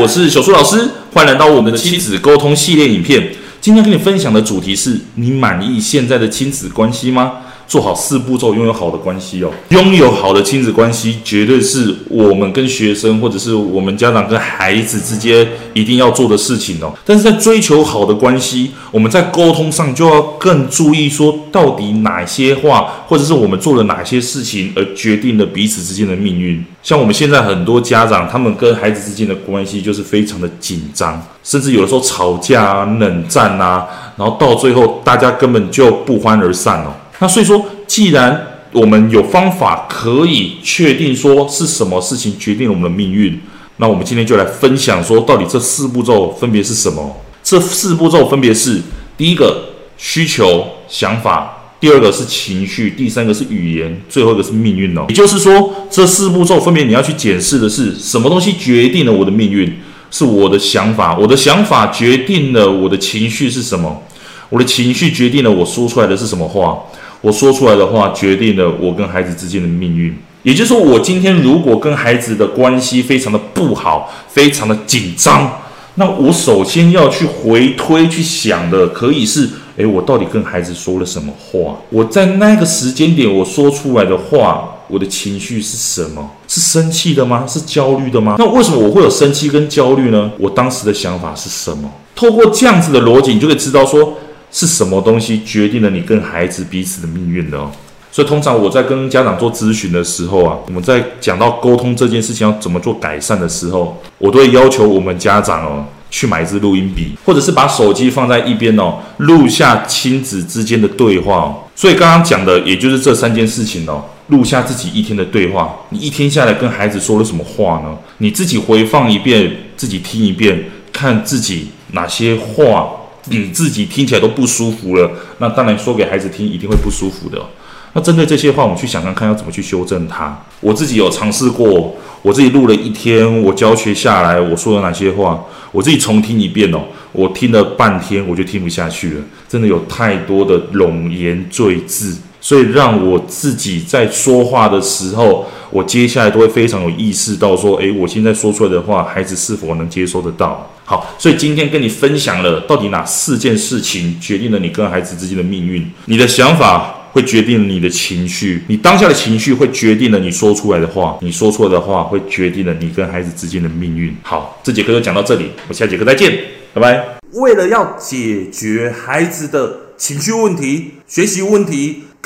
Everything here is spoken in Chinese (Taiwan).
我是小樹老師，歡迎來到我們的親子溝通系列影片。今天跟你分享的主題是：你滿意現在的親子關係嗎？做好四步驟，擁有好的關係哦。擁有好的親子關係，絕對是我們跟學生，或者是我們家長跟孩子之間一定要做的事情哦。但是在追求好的關係，我們在溝通上就要更注意說到底哪些話，或者是我們做了哪些事情，而決定了彼此之間的命運。像我們現在很多家長，他們跟孩子之間的關係就是非常的緊張，甚至有的時候吵架啊、冷戰啊，然後到最後大家根本就不歡而散哦。那所以說，既然我們有方法可以確定說是什麼事情決定了我們的命運，那我們今天就來分享說到底這四步驟分別是什麼？這四步驟分別是：第一個需求想法，第二個是情緒，第三個是語言，最後一個是命運哦。也就是說，這四步驟分別你要去檢視的是什麼東西決定了我的命運？是我的想法，我的想法決定了我的情緒是什麼？我的情緒決定了我說出來的是什麼話？我說出來的話決定了我跟孩子之間的命運，也就是說，我今天如果跟孩子的關係非常的不好，非常的緊張，那我首先要去回推去想的，可以是：誒，我到底跟孩子說了什麼話？我在那個時間點，我說出來的話，我的情緒是什麼？是生氣的嗎？是焦慮的嗎？那為什麼我會有生氣跟焦慮呢？我當時的想法是什麼？透過這樣子的邏輯，你就可以知道說，是什麼東西決定了你跟孩子彼此的命運呢，哦？所以通常我在跟家長做諮詢的時候啊，我們在講到溝通這件事情要怎麼做改善的時候，我都會要求我們家長哦去買一支錄音筆，或者是把手機放在一邊哦，錄下親子之間的對話。所以剛剛講的也就是這三件事情哦，錄下自己一天的對話，你一天下來跟孩子說了什麼話呢？你自己回放一遍，自己聽一遍，看自己哪些話。你、嗯、自己聽起來都不舒服了，那當然說給孩子聽一定會不舒服的、哦。那針對這些話，我們去想想看看要怎麼去修正它。我自己有嘗試過，我自己錄了一天，我教學下來，我說了哪些話，我自己重聽一遍哦，我聽了半天我就聽不下去了，真的有太多的冗言贅字。所以讓我自己在說話的時候，我接下來都會非常有意識到說，誒，我現在說出來的話，孩子是否能接收得到？好，所以今天跟你分享了，到底哪四件事情決定了你跟孩子之間的命運？你的想法會決定你的情緒，你當下的情緒會決定了你說出來的話，你說出來的話會決定了你跟孩子之間的命運。好，這節課就講到這裡，我下節課再見，拜拜。為了要解決孩子的情緒問題、學習問題。